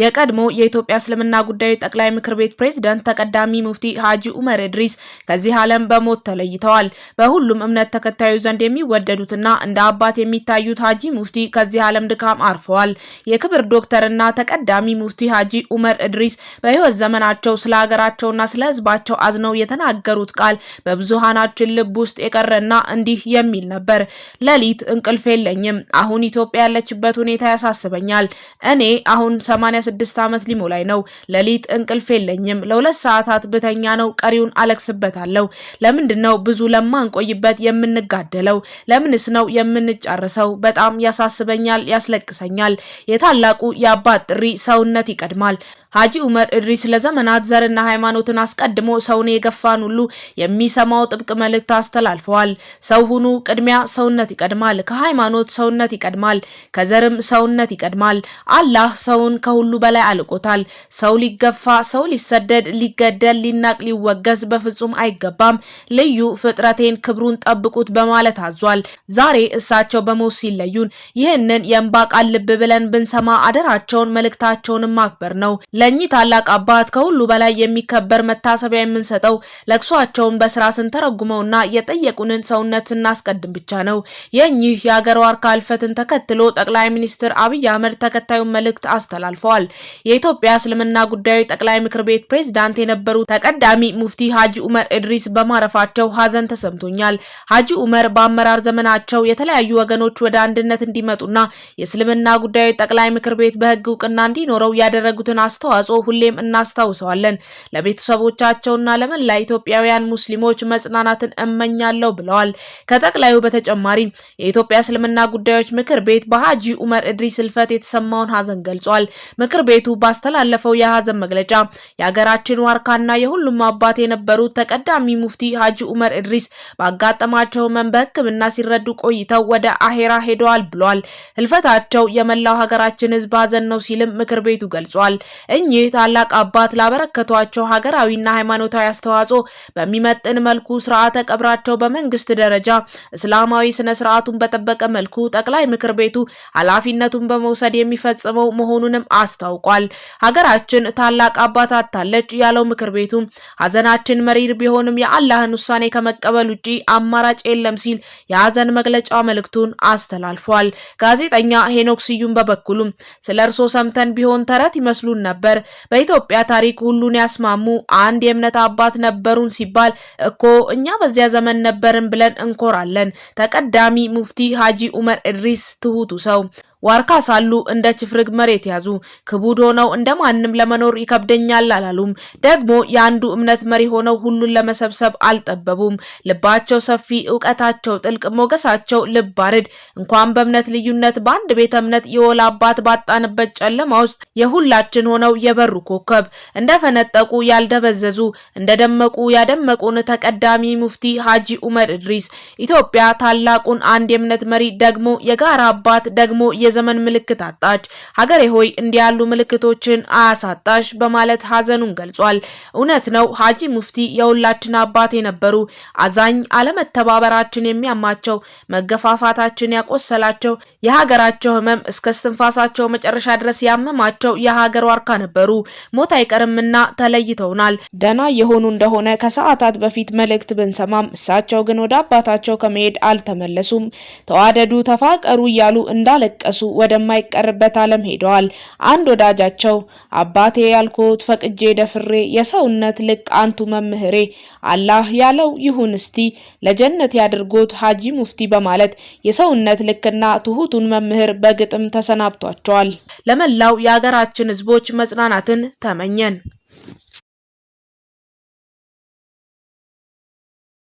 የቀድሞ የኢትዮጵያ እስልምና ጉዳዮች ጠቅላይ ምክር ቤት ፕሬዝደንት ተቀዳሚ ሙፍቲ ሀጂ ኡመር እድሪስ ከዚህ ዓለም በሞት ተለይተዋል። በሁሉም እምነት ተከታዩ ዘንድ የሚወደዱትና እንደ አባት የሚታዩት ሀጂ ሙፍቲ ከዚህ ዓለም ድካም አርፈዋል። የክብር ዶክተርና ተቀዳሚ ሙፍቲ ሀጂ ኡመር እድሪስ በህይወት ዘመናቸው ስለ ሀገራቸውና ስለ ህዝባቸው አዝነው የተናገሩት ቃል በብዙሃናችን ልብ ውስጥ የቀረና እንዲህ የሚል ነበር። ሌሊት እንቅልፍ የለኝም። አሁን ኢትዮጵያ ያለችበት ሁኔታ ያሳስበኛል። እኔ አሁን ሰማንያ 26 ዓመት ላይ ነው። ሌሊት እንቅልፍ የለኝም። ለሁለት ሰዓታት ብተኛ ነው ቀሪውን አለቅስበታለሁ። ለምንድን ነው ብዙ ለማንቆይበት የምንጋደለው? ለምንስ ነው የምንጨርሰው? በጣም ያሳስበኛል፣ ያስለቅሰኛል። የታላቁ የአባት ጥሪ ሰውነት ይቀድማል። ሀጂ ዑመር እድሪስ ለዘመናት ዘርና ሃይማኖትን አስቀድሞ ሰውን የገፋን ሁሉ የሚሰማው ጥብቅ መልእክት አስተላልፈዋል። ሰው ሁኑ፣ ቅድሚያ ሰውነት ይቀድማል። ከሃይማኖት ሰውነት ይቀድማል። ከዘርም ሰውነት ይቀድማል። አላህ ሰውን ከሁሉ ከሁሉ በላይ አልቆታል። ሰው ሊገፋ፣ ሰው ሊሰደድ፣ ሊገደል፣ ሊናቅ፣ ሊወገዝ በፍጹም አይገባም። ልዩ ፍጥረቴን ክብሩን ጠብቁት በማለት አዟል። ዛሬ እሳቸው በሞት ሲለዩን ይህንን የእንባ ቃል ልብ ብለን ብንሰማ አደራቸውን መልእክታቸውን ማክበር ነው። ለእኚህ ታላቅ አባት ከሁሉ በላይ የሚከበር መታሰቢያ የምንሰጠው ለቅሷቸውን በስራ ስንተረጉመውና የጠየቁንን ሰውነት ስናስቀድም ብቻ ነው። የእኚህ የሀገር ዋርካ ህልፈትን ተከትሎ ጠቅላይ ሚኒስትር አብይ አህመድ ተከታዩን መልእክት አስተላልፈዋል። ተናግረዋል። የኢትዮጵያ እስልምና ጉዳዮች ጠቅላይ ምክር ቤት ፕሬዝዳንት የነበሩ ተቀዳሚ ሙፍቲ ሀጂ ኡመር እድሪስ በማረፋቸው ሀዘን ተሰምቶኛል። ሀጂ ኡመር በአመራር ዘመናቸው የተለያዩ ወገኖች ወደ አንድነት እንዲመጡና የእስልምና ጉዳዮች ጠቅላይ ምክር ቤት በህግ እውቅና እንዲኖረው ያደረጉትን አስተዋጽኦ ሁሌም እናስታውሰዋለን። ለቤተሰቦቻቸውና ለመላ ኢትዮጵያውያን ሙስሊሞች መጽናናትን እመኛለሁ ብለዋል። ከጠቅላዩ በተጨማሪ የኢትዮጵያ እስልምና ጉዳዮች ምክር ቤት በሀጂ ኡመር እድሪስ ህልፈት የተሰማውን ሀዘን ገልጿል። ምክር ቤቱ ባስተላለፈው የሀዘን መግለጫ የሀገራችን ዋርካና የሁሉም አባት የነበሩት ተቀዳሚ ሙፍቲ ሀጂ ኡመር እድሪስ ባጋጠማቸው ህመም በሕክምና ሲረዱ ቆይተው ወደ አሄራ ሄደዋል ብሏል። ህልፈታቸው የመላው ሀገራችን ህዝብ ሀዘን ነው ሲልም ምክር ቤቱ ገልጿል። እኚህ ታላቅ አባት ላበረከቷቸው ሀገራዊና ሃይማኖታዊ አስተዋጽኦ በሚመጥን መልኩ ስርዓተ ቀብራቸው በመንግስት ደረጃ እስላማዊ ስነ ስርዓቱን በጠበቀ መልኩ ጠቅላይ ምክር ቤቱ ኃላፊነቱን በመውሰድ የሚፈጽመው መሆኑንም አስ አስታውቋል። ሀገራችን ታላቅ አባት አታለች ያለው ምክር ቤቱ ሀዘናችን መሪር ቢሆንም የአላህን ውሳኔ ከመቀበል ውጪ አማራጭ የለም ሲል የሀዘን መግለጫ መልእክቱን አስተላልፏል። ጋዜጠኛ ሄኖክ ስዩም በበኩሉ ስለ እርሶ ሰምተን ቢሆን ተረት ይመስሉን ነበር። በኢትዮጵያ ታሪክ ሁሉን ያስማሙ አንድ የእምነት አባት ነበሩን ሲባል እኮ እኛ በዚያ ዘመን ነበርን ብለን እንኮራለን። ተቀዳሚ ሙፍቲ ሀጂ ኡመር እድሪስ ትሁቱ ሰው ዋርካ ሳሉ እንደ ችፍርግ መሬት ያዙ። ክቡድ ሆነው እንደ ማንም ለመኖር ይከብደኛል አላሉም። ደግሞ የአንዱ እምነት መሪ ሆነው ሁሉን ለመሰብሰብ አልጠበቡም። ልባቸው ሰፊ፣ እውቀታቸው ጥልቅ፣ ሞገሳቸው ልብ አርድ። እንኳን በእምነት ልዩነት በአንድ ቤተ እምነት የወላ አባት ባጣንበት ጨለማ ውስጥ የሁላችን ሆነው የበሩ ኮከብ እንደፈነጠቁ ያልደበዘዙ እንደደመቁ ያደመቁን ተቀዳሚ ሙፍቲ ሀጂ ኡመር እድሪስ ኢትዮጵያ ታላቁን አንድ የእምነት መሪ ደግሞ የጋራ አባት ደግሞ የ የዘመን ምልክት አጣች። ሀገሬ ሆይ እንዲህ ያሉ ምልክቶችን አያሳጣሽ በማለት ሀዘኑን ገልጿል። እውነት ነው ሀጂ ሙፍቲ የሁላችን አባት የነበሩ አዛኝ፣ አለመተባበራችን የሚያማቸው፣ መገፋፋታችን ያቆሰላቸው፣ የሀገራቸው ህመም እስከ እስትንፋሳቸው መጨረሻ ድረስ ያመማቸው የሀገር ዋርካ ነበሩ። ሞት አይቀርምና ተለይተውናል። ደና የሆኑ እንደሆነ ከሰዓታት በፊት መልእክት ብንሰማም እሳቸው ግን ወደ አባታቸው ከመሄድ አልተመለሱም። ተዋደዱ፣ ተፋቀሩ እያሉ እንዳለቀሱ መመለሱ ወደማይቀርበት ዓለም ሄደዋል። አንድ ወዳጃቸው አባቴ ያልኩት ፈቅጄ ደፍሬ የሰውነት ልቅ አንቱ መምህሬ አላህ ያለው ይሁን እስቲ ለጀነት ያድርጎት ሀጂ ሙፍቲ በማለት የሰውነት ልክና ትሁቱን መምህር በግጥም ተሰናብቷቸዋል። ለመላው የሀገራችን ህዝቦች መጽናናትን ተመኘን።